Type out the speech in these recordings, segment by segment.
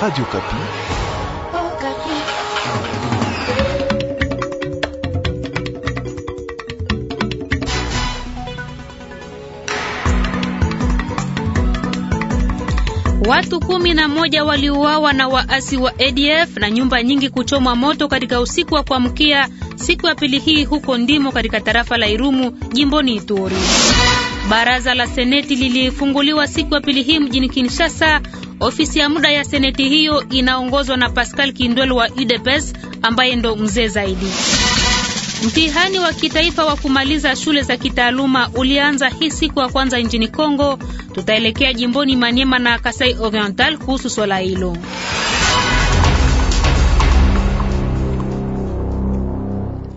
Radio Kapi. Oh, Kapi. Watu kumi na moja waliuawa na waasi wa ADF na nyumba nyingi kuchomwa moto katika usiku wa kuamkia siku ya pili hii huko Ndimo katika tarafa la Irumu jimboni Ituri. Baraza la Seneti lilifunguliwa siku ya pili hii mjini Kinshasa Ofisi ya muda ya seneti hiyo inaongozwa na Pascal kindwel wa UDPS ambaye ndo mzee zaidi. Mtihani wa kitaifa wa kumaliza shule za kitaaluma ulianza hii siku ya kwanza nchini Kongo. Tutaelekea jimboni Maniema na Kasai Oriental kuhusu swala hilo.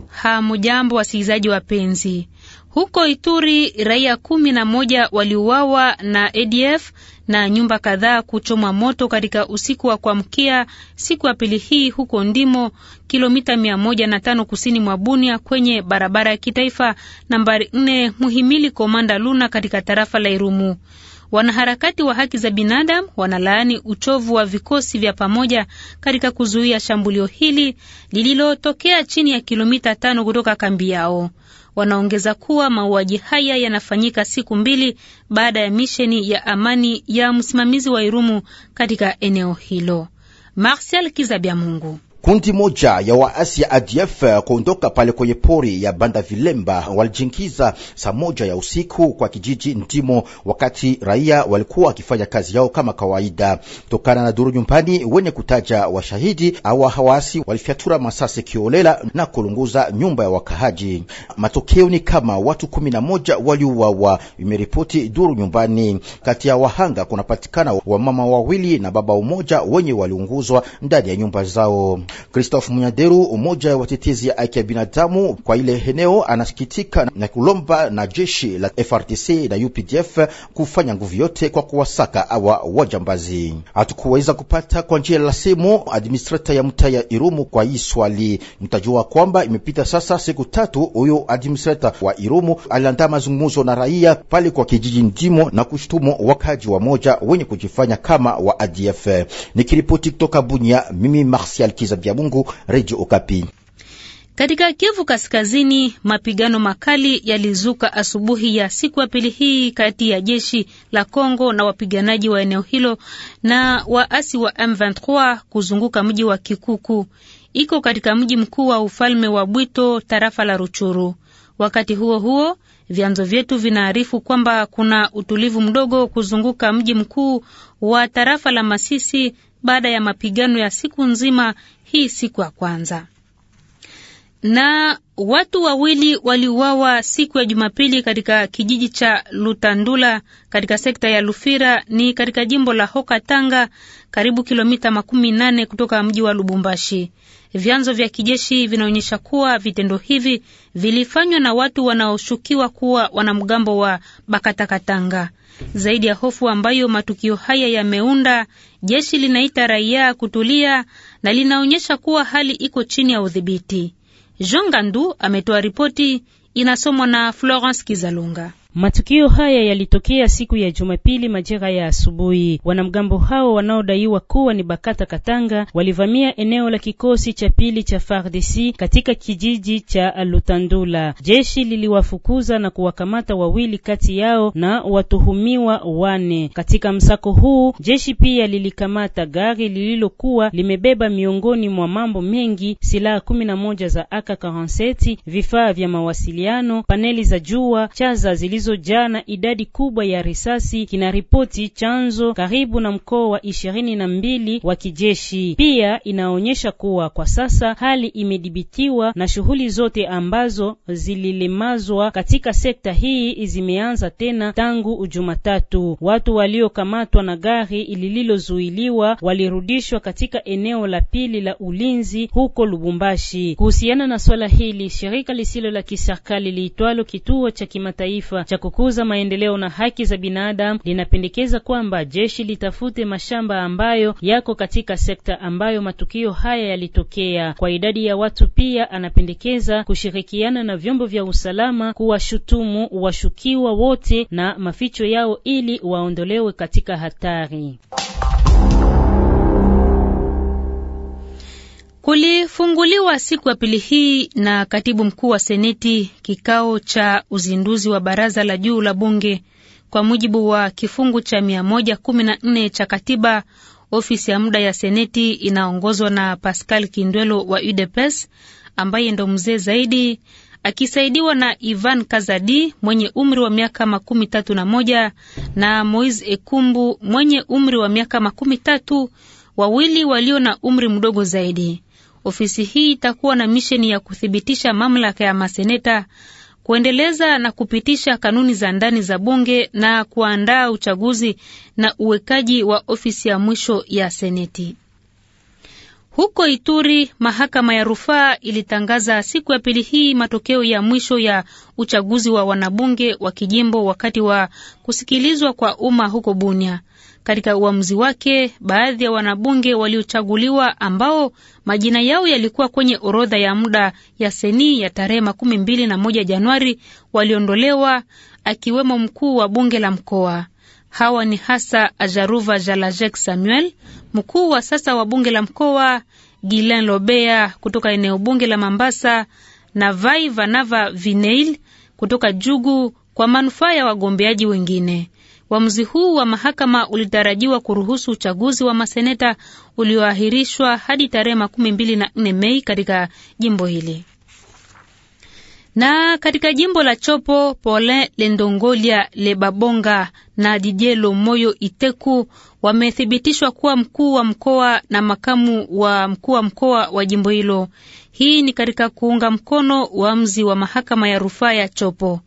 Hamujambo wasikilizaji wapenzi. Huko Ituri raia kumi na moja waliuawa na ADF na nyumba kadhaa kuchomwa moto katika usiku wa kuamkia siku ya pili hii huko Ndimo, kilomita mia moja na tano kusini mwa Bunia, kwenye barabara ya kitaifa nambari nne Muhimili Komanda Luna katika tarafa la Irumu. Wanaharakati wa haki za binadamu wanalaani uchovu wa vikosi vya pamoja katika kuzuia shambulio hili lililotokea chini ya kilomita tano kutoka kambi yao. Wanaongeza kuwa mauaji haya yanafanyika siku mbili baada ya misheni ya amani ya msimamizi wa Irumu katika eneo hilo. Marsial Kizabya Mungu Kundi moja ya waasi ya ADF eh, kuondoka pale kwenye pori ya Banda Vilemba walijingiza saa moja ya usiku kwa kijiji Ndimo, wakati raia walikuwa wakifanya kazi yao kama kawaida. Tokana na duru nyumbani wenye kutaja washahidi, awa hawasi walifyatura masasi kiolela na kulunguza nyumba ya wakahaji. Matokeo ni kama watu kumi na moja waliuawa, imeripoti duru nyumbani. Kati ya wahanga kunapatikana wamama wawili na baba umoja wenye waliunguzwa ndani ya nyumba zao. Christophe Munyaderu, umoja wa tetezi ya haki ya binadamu kwa ile eneo, anasikitika na kulomba na jeshi la FRDC na UPDF kufanya nguvu yote kwa kuwasaka awa wajambazi. Hatukuweza kupata kwa njia la simu administrator ya mtaa ya Irumu kwa hii swali. Mtajua kwamba imepita sasa siku tatu, huyo administrator wa Irumu aliandaa mazungumzo na raia pale kwa kijiji Ndimo na kushutumu wakaji wa moja wenye kujifanya kama wa ADF. Nikiripoti kutoka Bunia, mimi Martial Kiza vya Mungu, Radio Okapi. Katika Kivu Kaskazini, mapigano makali yalizuka asubuhi ya siku ya pili hii kati ya jeshi la Kongo na wapiganaji wa eneo hilo na waasi wa M23 kuzunguka mji wa Kikuku, iko katika mji mkuu wa ufalme wa Bwito, tarafa la Ruchuru. Wakati huo huo, vyanzo vyetu vinaarifu kwamba kuna utulivu mdogo kuzunguka mji mkuu wa tarafa la Masisi baada ya mapigano ya siku nzima hii siku ya kwanza. Na watu wawili waliuawa siku ya Jumapili katika kijiji cha Lutandula katika sekta ya Lufira ni katika jimbo la Hoka Tanga, karibu kilomita makumi nane kutoka mji wa Lubumbashi. Vyanzo vya kijeshi vinaonyesha kuwa vitendo hivi vilifanywa na watu wanaoshukiwa kuwa wanamgambo wa Bakatakatanga. Zaidi ya hofu ambayo matukio haya yameunda, jeshi linaita raia kutulia na linaonyesha kuwa hali iko chini ya udhibiti. Jean Gandu ametoa ripoti inasomwa na Florence Kizalunga. Matukio haya yalitokea siku ya Jumapili majira ya asubuhi. Wanamgambo hao wanaodaiwa kuwa ni Bakata Katanga walivamia eneo la kikosi cha pili cha FARDC katika kijiji cha Lutandula. Jeshi liliwafukuza na kuwakamata wawili kati yao na watuhumiwa wane. Katika msako huu, jeshi pia lilikamata gari lililokuwa limebeba miongoni mwa mambo mengi silaha 11 za AK47, vifaa vya mawasiliano, paneli za jua, chaza zilizo zilizojaa na idadi kubwa ya risasi, kinaripoti chanzo karibu na mkoa wa ishirini na mbili wa kijeshi. Pia inaonyesha kuwa kwa sasa hali imedhibitiwa na shughuli zote ambazo zililemazwa katika sekta hii zimeanza tena tangu Jumatatu. Watu waliokamatwa na gari lililozuiliwa walirudishwa katika eneo la pili la ulinzi huko Lubumbashi. Kuhusiana na swala hili, shirika lisilo la kiserikali liitwalo Kituo cha Kimataifa cha kukuza maendeleo na haki za binadamu linapendekeza kwamba jeshi litafute mashamba ambayo yako katika sekta ambayo matukio haya yalitokea. Kwa idadi ya watu pia anapendekeza kushirikiana na vyombo vya usalama kuwashutumu washukiwa wote na maficho yao ili waondolewe katika hatari. Kulifunguliwa siku ya pili hii na katibu mkuu wa seneti kikao cha uzinduzi wa baraza la juu la bunge. Kwa mujibu wa kifungu cha 114 cha katiba, ofisi ya muda ya seneti inaongozwa na Pascal Kindwelo wa UDPS ambaye ndo mzee zaidi, akisaidiwa na Ivan Kazadi mwenye umri wa miaka makumi tatu na moja na Moise Ekumbu mwenye umri wa miaka makumi tatu, wawili walio na umri mdogo zaidi. Ofisi hii itakuwa na misheni ya kuthibitisha mamlaka ya maseneta, kuendeleza na kupitisha kanuni za ndani za bunge na kuandaa uchaguzi na uwekaji wa ofisi ya mwisho ya seneti. Huko Ituri, mahakama ya rufaa ilitangaza siku ya pili hii matokeo ya mwisho ya uchaguzi wa wanabunge wa kijimbo wakati wa kusikilizwa kwa umma huko Bunia. Katika uamuzi wake, baadhi ya wanabunge waliochaguliwa ambao majina yao yalikuwa kwenye orodha ya muda ya seni ya tarehe makumi mbili na moja Januari waliondolewa, akiwemo mkuu wa bunge la mkoa. Hawa ni hasa Ajaruva Jalajek Samuel, mkuu wa sasa wa bunge la mkoa, Gilen Lobea kutoka eneo bunge la Mambasa na Vai Vanava Vineil kutoka Jugu, kwa manufaa ya wagombeaji wengine. Uamuzi huu wa mahakama ulitarajiwa kuruhusu uchaguzi wa maseneta ulioahirishwa hadi tarehe makumi mbili na nne Mei katika jimbo hili. Na katika jimbo la Chopo, Polin Lendongolia Lebabonga na Dijelo Moyo Iteku wamethibitishwa kuwa mkuu wa mkoa na makamu wa mkuu wa mkoa wa jimbo hilo. Hii ni katika kuunga mkono uamuzi wa mahakama ya rufaa ya Chopo.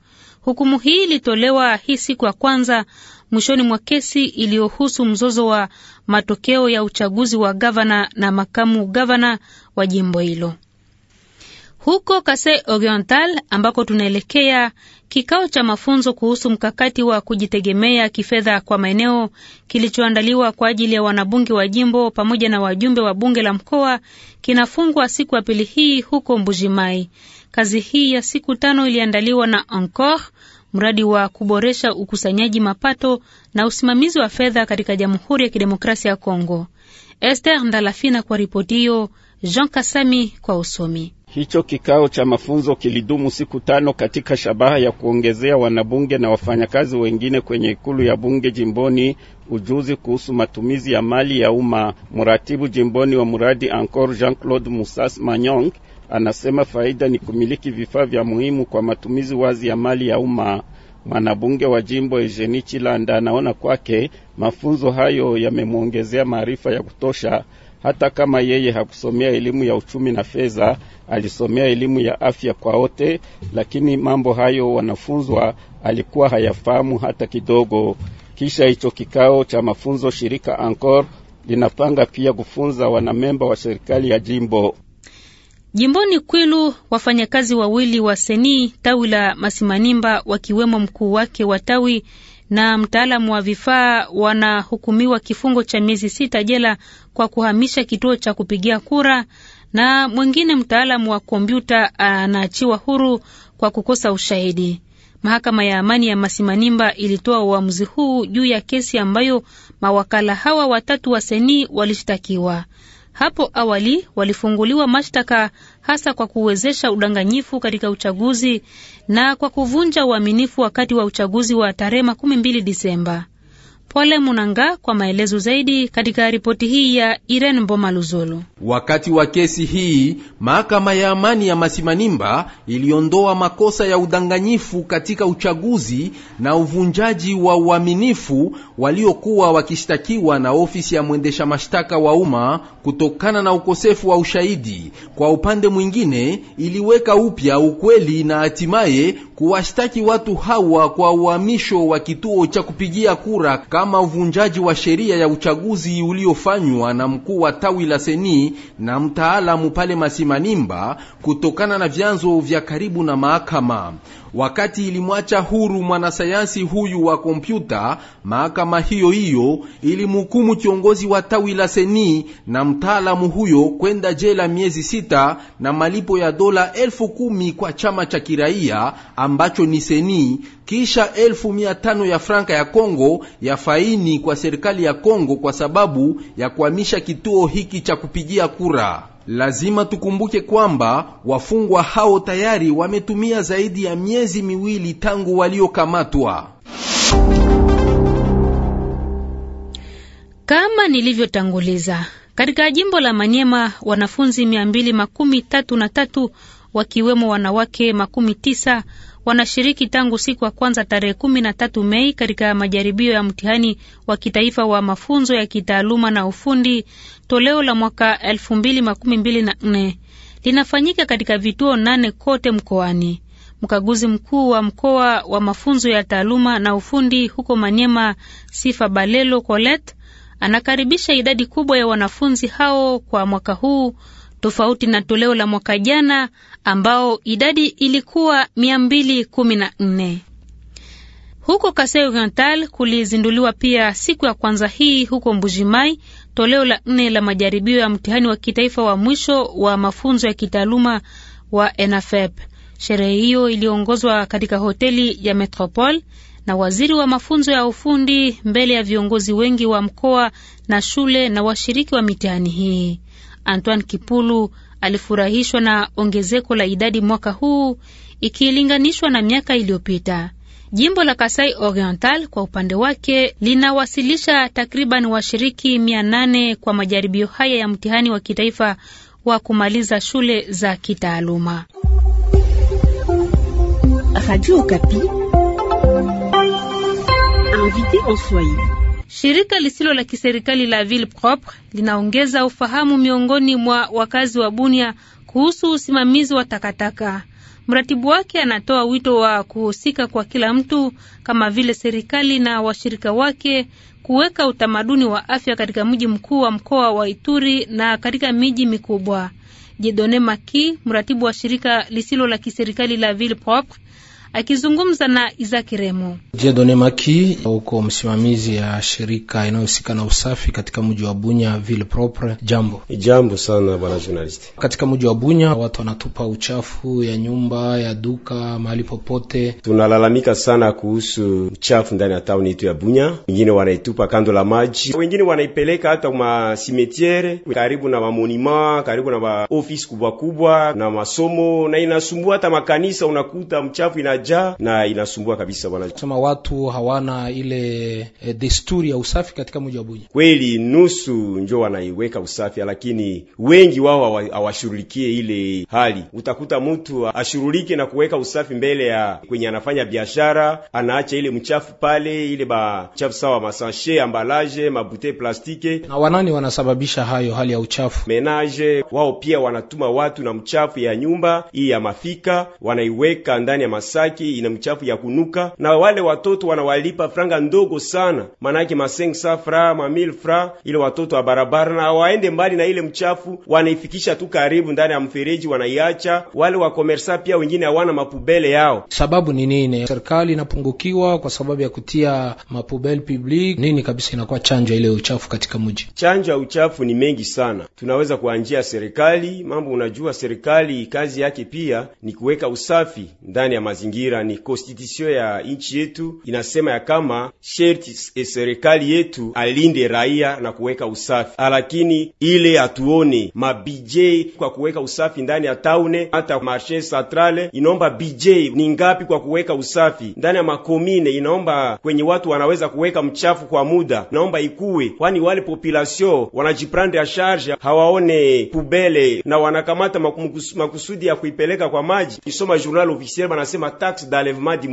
Hukumu hii ilitolewa hii siku ya kwanza mwishoni mwa kesi iliyohusu mzozo wa matokeo ya uchaguzi wa gavana na makamu gavana wa jimbo hilo. Huko Kasai Oriental ambako tunaelekea, kikao cha mafunzo kuhusu mkakati wa kujitegemea kifedha kwa maeneo kilichoandaliwa kwa ajili ya wanabunge wa jimbo pamoja na wajumbe wa bunge la mkoa kinafungwa siku ya pili hii huko Mbujimai. Kazi hii ya siku tano iliandaliwa na Encore mradi wa kuboresha ukusanyaji mapato na usimamizi wa fedha katika Jamhuri ya Kidemokrasia ya Kongo. Esther Ndalafina kwa ripoti hiyo, Jean Kasami kwa usomi. Hicho kikao cha mafunzo kilidumu siku tano katika shabaha ya kuongezea wanabunge na wafanyakazi wengine kwenye ikulu ya bunge jimboni ujuzi kuhusu matumizi ya mali ya umma. Mratibu jimboni wa mradi Encore Jean Claude Musas Manyong Anasema faida ni kumiliki vifaa vya muhimu kwa matumizi wazi ya mali ya umma. Mwanabunge wa jimbo Eugenie Chilanda anaona kwake mafunzo hayo yamemwongezea maarifa ya kutosha, hata kama yeye hakusomea elimu ya uchumi na fedha, alisomea elimu ya afya kwa wote, lakini mambo hayo wanafunzwa alikuwa hayafahamu hata kidogo. Kisha hicho kikao cha mafunzo, shirika Ancor linapanga pia kufunza wanamemba wa serikali ya jimbo Jimboni Kwilu, wafanyakazi wawili wa seni tawi la Masimanimba, wakiwemo mkuu wake wa tawi na mtaalamu wa vifaa, wanahukumiwa kifungo cha miezi sita jela kwa kuhamisha kituo cha kupigia kura, na mwingine mtaalamu wa kompyuta anaachiwa huru kwa kukosa ushahidi. Mahakama ya amani ya Masimanimba ilitoa uamuzi huu juu ya kesi ambayo mawakala hawa watatu wa seni walishtakiwa. Hapo awali walifunguliwa mashtaka hasa kwa kuwezesha udanganyifu katika uchaguzi na kwa kuvunja uaminifu wakati wa uchaguzi wa tarehe 12 Disemba. Pole Munanga kwa maelezo zaidi katika ripoti hii ya Irene Mboma Luzolo. Wakati wa kesi hii, mahakama ya amani ya Masimanimba iliondoa makosa ya udanganyifu katika uchaguzi na uvunjaji wa uaminifu waliokuwa wakishtakiwa na ofisi ya mwendesha mashtaka wa umma kutokana na ukosefu wa ushahidi. Kwa upande mwingine, iliweka upya ukweli na hatimaye kuwashtaki watu hawa kwa uhamisho wa kituo cha kupigia kura kama uvunjaji wa sheria ya uchaguzi uliofanywa na mkuu wa tawi la Seni na mtaalamu pale Masimanimba, kutokana na vyanzo vya karibu na mahakama. Wakati ilimwacha huru mwanasayansi huyu wa kompyuta, mahakama hiyo hiyo ilimhukumu kiongozi wa tawi la seni na mtaalamu huyo kwenda jela miezi sita na malipo ya dola elfu kumi kwa chama cha kiraia ambacho ni seni, kisha elfu mia tano ya franka ya Kongo ya faini kwa serikali ya Kongo kwa sababu ya kuhamisha kituo hiki cha kupigia kura. Lazima tukumbuke kwamba wafungwa hao tayari wametumia zaidi ya miezi miwili tangu waliokamatwa. Kama nilivyotanguliza, katika jimbo la Manyema wanafunzi mia mbili makumi tatu na tatu wakiwemo wanawake makumi tisa wanashiriki tangu siku ya kwanza tarehe kumi na tatu Mei katika majaribio ya mtihani wa kitaifa wa mafunzo ya kitaaluma na ufundi toleo la mwaka elfu mbili makumi mbili na nne linafanyika katika vituo nane kote mkoani. Mkaguzi mkuu wa mkoa wa mafunzo ya taaluma na ufundi huko Manyema, Sifa Balelo Colet, anakaribisha idadi kubwa ya wanafunzi hao kwa mwaka huu tofauti na toleo la mwaka jana ambao idadi ilikuwa 214. Huko Kasai Oriental kulizinduliwa pia siku ya kwanza hii huko Mbujimai toleo la nne la majaribio ya mtihani wa kitaifa wa mwisho wa mafunzo ya kitaaluma wa ENAFEP. Sherehe hiyo iliongozwa katika hoteli ya Metropole na waziri wa mafunzo ya ufundi mbele ya viongozi wengi wa mkoa na shule na washiriki wa mitihani hii. Antoine Kipulu alifurahishwa na ongezeko la idadi mwaka huu ikilinganishwa na miaka iliyopita. Jimbo la Kasai Oriental kwa upande wake linawasilisha takriban washiriki mia nane kwa majaribio haya ya mtihani wa kitaifa wa kumaliza shule za kitaaluma. Radio Okapi, invité en Swahili. Shirika lisilo la kiserikali la Ville Propre linaongeza ufahamu miongoni mwa wakazi wa Bunia kuhusu usimamizi wa takataka. Mratibu wake anatoa wito wa kuhusika kwa kila mtu kama vile serikali na washirika wake kuweka utamaduni wa afya katika mji mkuu wa mkoa wa Ituri na katika miji mikubwa. Jedone Maki, mratibu wa shirika lisilo la kiserikali la Ville Propre, akizungumza na Izaki Remo. Jedone Maki huko msimamizi ya shirika inayohusika na usafi katika mji wa Bunya ville propre. Jambo jambo sana bwana journalist. Katika mji wa Bunya watu wanatupa uchafu ya nyumba ya duka mahali popote. Tunalalamika sana kuhusu uchafu ndani ya tauni yetu ya Bunya, wengine wanaitupa kando la maji, wengine wanaipeleka hata masimetiere karibu na mamonima, karibu na maofisi kubwa kubwa na masomo, na inasumbua hata makanisa, unakuta mchafu ina inajaa na inasumbua kabisa bwana. Kusema watu hawana ile e, desturi ya usafi katika mji wa Bunya. Kweli nusu njo wanaiweka usafi, lakini wengi wao hawashughulikie ile hali. Utakuta mtu ashughulike na kuweka usafi mbele ya kwenye anafanya biashara, anaacha ile mchafu pale, ile ba chafu sawa masashe, ambalaje, mabute plastike. Na wanani wanasababisha hayo hali ya uchafu? Menage wao pia wanatuma watu na mchafu ya nyumba hii ya mafika wanaiweka ndani ya masaki yake ina mchafu ya kunuka, na wale watoto wanawalipa franga ndogo sana, manake masensa fra mamil fra, ile watoto wa barabara na waende mbali na ile mchafu, wanaifikisha tu karibu ndani ya mfereji wanaiacha. Wale wa komersa pia wengine hawana mapubele yao. Sababu ni nini? Serikali inapungukiwa kwa sababu ya kutia mapubele public nini kabisa, inakuwa chanjo ile uchafu katika mji. Chanjo ya uchafu ni mengi sana, tunaweza kuanjia serikali mambo. Unajua serikali kazi yake pia ni kuweka usafi ndani ya mazingira mazingira ni konstitution ya nchi yetu inasema ya kama sherti e serikali yetu alinde raia na kuweka usafi, ah, lakini ile hatuone mabijei kwa kuweka usafi ndani ya taune, hata marshe centrale inaomba bijei ni ngapi kwa kuweka usafi ndani ya makomine, inaomba kwenye watu wanaweza kuweka mchafu kwa muda, inaomba ikuwe, kwani wale population wanajiprendre ya charge, hawaone pubele na wanakamata makusudi ya kuipeleka kwa maji. Isoma journal officiel banasema taxe d'enlèvement du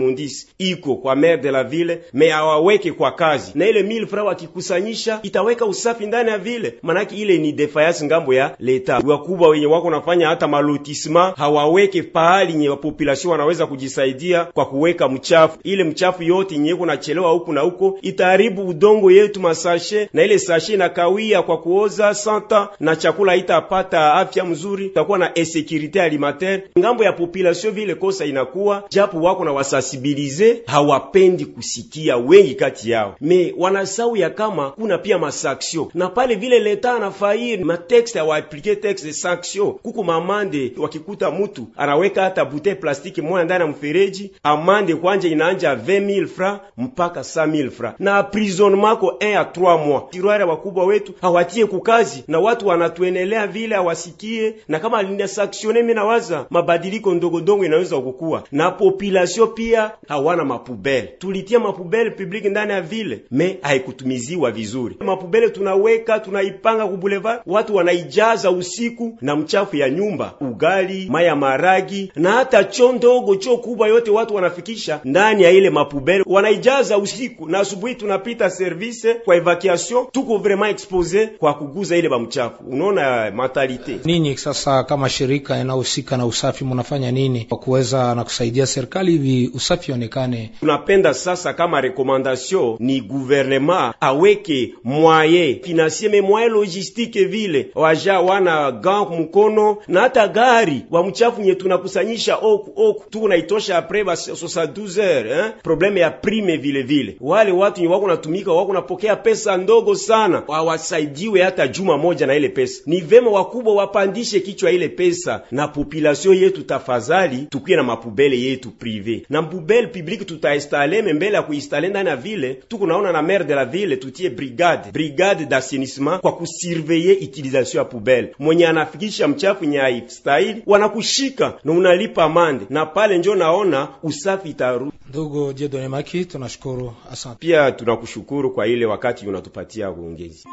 iko kwa maire de la ville, me hawaweke kwa kazi, na ile 1000 francs wakikusanyisha itaweka usafi ndani ya vile. Manake ile ni defayasi ngambo ya leta. Wakubwa wenye wako nafanya hata malotisma hawaweke pahali nye population wanaweza kujisaidia kwa kuweka mchafu. Ile mchafu yote nye iko nachelewa huku na huko itaharibu udongo yetu masashe, na ile sashe inakawia kwa kuoza santa na chakula itapata afya mzuri, takuwa na insécurité alimentaire ngambo ya population, vile kosa inakuwa ja japo wako na wasasibilize, hawapendi kusikia wengi kati yao, me wanasau ya kama kuna pia masaksio na pale vile leta anafairi matexte awaaplike texte de sanksio. Kuku mamande wakikuta mutu anaweka hata bute plastiki moya ndani ya mfereji, amande kwanje inaanja 20000 francs mpaka 100000 francs na prison mako 1 a 3 mois. Tiroare wakubwa wetu hawatie kukazi na watu wanatuenelea vile hawasikie, na kama alinda saksione, mimi nawaza mabadiliko ndogo ndogo inaweza kukua napo population pia hawana mapubele. Tulitia mapubele publiki ndani ya vile, me haikutumiziwa vizuri. Mapubele tunaweka tunaipanga boulevard, watu wanaijaza usiku na mchafu ya nyumba, ugali, maya, maragi na hata cho ndogo cho kubwa, yote watu wanafikisha ndani ya ile mapubele, wanaijaza usiku na asubuhi. Tunapita service kwa evacuation, tuko vraiment expose kwa kuguza ile bamchafu. Unaona matalite nini? sasa, kama shirika inahusika na usafi, mnafanya nini kwa kuweza na kusaidia serikali hivi usafi onekane. Tunapenda sasa kama rekomandasio ni guvernema aweke mwaye finansieme mwaye logistike vile waja wana gang mukono na hata gari wa mchafu nye tunakusanyisha oku oku tu naitosha apre ba 72 heures eh? Probleme ya prime vile vile wale watu nye wako natumika wako napokea pesa ndogo sana, wawasaidiwe hata juma moja na ile pesa. Ni vema wakubwa wapandishe kichwa ile pesa na population yetu, tafadhali tukuye na mapubele yetu prive na mbubele publique tutaestaleme mbele ya kuistale ndani ya ville tukunaona na maire de la ville tutie brigade brigade d'assainissement kwa kusurveye utilisation ya poubelle. Mwenye anafikisha mchafu nye haistahili wanakushika na unalipa mande, na pale njo naona usafi itaru ndugu Jedone Maki, tunashukuru asante. Pia tunakushukuru kwa ile wakati unatupatia uongezi.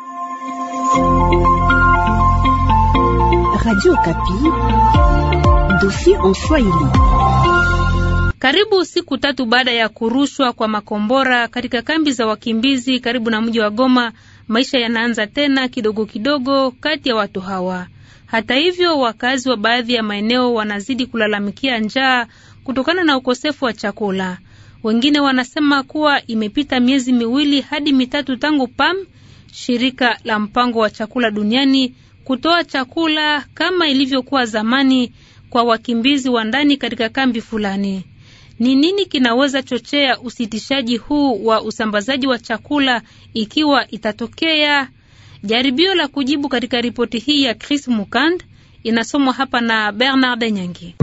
Radio Kapi, dossier en soi karibu siku tatu baada ya kurushwa kwa makombora katika kambi za wakimbizi karibu na mji wa Goma, maisha yanaanza tena kidogo kidogo kati ya watu hawa. Hata hivyo, wakazi wa baadhi ya maeneo wanazidi kulalamikia njaa kutokana na ukosefu wa chakula. Wengine wanasema kuwa imepita miezi miwili hadi mitatu tangu PAM, shirika la mpango wa chakula duniani, kutoa chakula kama ilivyokuwa zamani kwa wakimbizi wa ndani katika kambi fulani. Ni nini kinaweza chochea usitishaji huu wa usambazaji wa chakula ikiwa itatokea? Jaribio la kujibu katika ripoti hii ya Chris Mukand inasomwa hapa na Bernard Nyangi.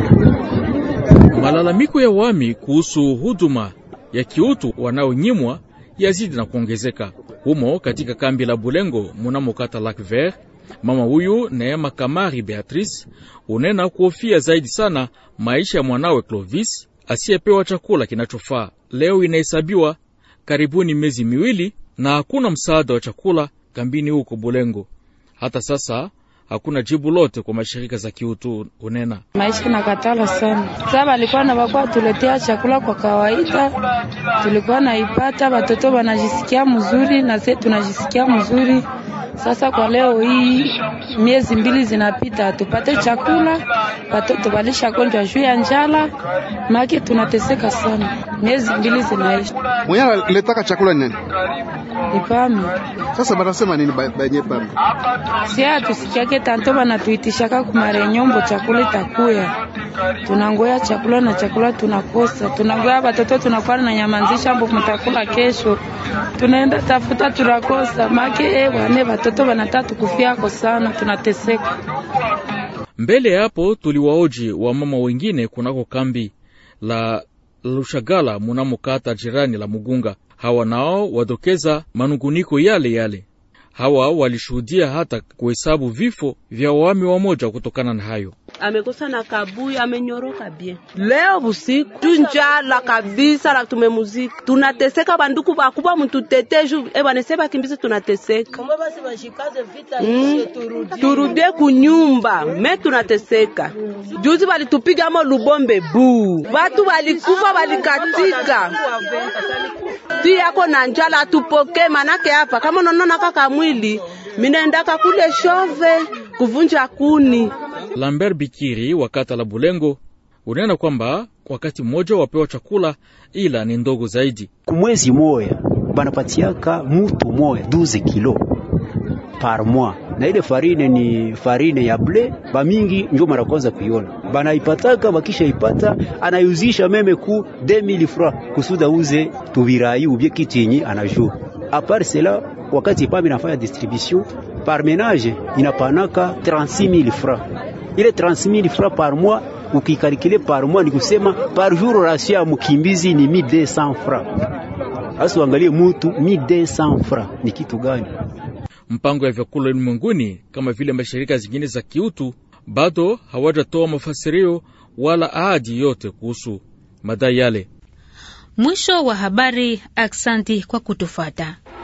Malalamiko ya wami kuhusu huduma ya kiutu wanaonyimwa yazidi na kuongezeka humo katika kambi la Bulengo munamokata kata Lac Vert. Mama huyu Neema Kamari Beatrice unena kuhofia zaidi sana maisha ya mwanawe Clovis asiyepewa chakula kinachofaa leo inahesabiwa karibuni miezi miwili na hakuna msaada wa chakula kambini huko Bulengo. Hata sasa hakuna jibu lote kwa mashirika za kiutu unena maisha na katala sana sababu alikuwa na wakwa tuletea chakula kwa kawaida, tulikuwa naipata, watoto wanajisikia mzuri na sisi tunajisikia mzuri. Sasa kwa leo hii miezi mbili zinapita, tupate chakula, watoto walisha gonjwa juu ya njala, maki tunateseka sana. Miezi mbili zinaisha, mwenye letaka chakula nani? Ni pami. Sasa banasema nini benye pami? Si hatusikiake Maanake tanto banatuitishaka kumarenyombo chakula itakuya, tunangoya chakula na chakula tunakosa, tunangoya batoto tunakuwa na nyamanzisha mbo mtakula kesho, tunaenda tafuta tunakosa. make ewa eh, ne batoto banataka tukufiako sana, tunateseka. Mbele hapo tuliwaoji wamama wengine kunako kambi la Lushagala munamo kata jirani la Mugunga. Hawa nao wadokeza manunguniko yale yale. Hawa walishuhudia hata kuhesabu vifo vya wami wamoja. Kutokana na hayo, amekosa na kabui, amenyoroka bie. Leo busiku njala kabisa la tumemuzika, tunateseka. Banduku bakubwa mututete ju eh, ebanese bakimbizi, tunateseka mm. Turudie kunyumba me tunateseka. Juzi mo lubombe bu, Watu balikufa, walikatika tu yako na njala, tupoke manake hapa kama unaona kaka mwili minaendaka kule shove kuvunja kuni. Lambert Bikiri wa kata la Bulengo unena kwamba wakati mmoja wapewa chakula ila ni ndogo zaidi. Kumwezi moya banapatiaka mutu moya 12 kilo par mois, na ile farine ni farine ya ble, bamingi njo mara kwanza kuiona banaipataka ipata anayuzisha meme ku 2000 francs kusudi auze tubirayi ubye kitinyi yenye a part cela wakati pami nafanya distribution par menage inapanaka 36000 francs. Ile 36000 francs par mois ukikalikile par mois ni kusema par jour rasio ya mkimbizi ni 1200 francs. Asi uangalie mutu 1200 francs ni kitu gani? Mpango ya vyakula ulimwenguni kama vile mashirika zingine za kiutu bado hawajatoa mafasirio wala ahadi yote kuhusu madai yale. Mwisho wa habari. Aksanti kwa kutufata.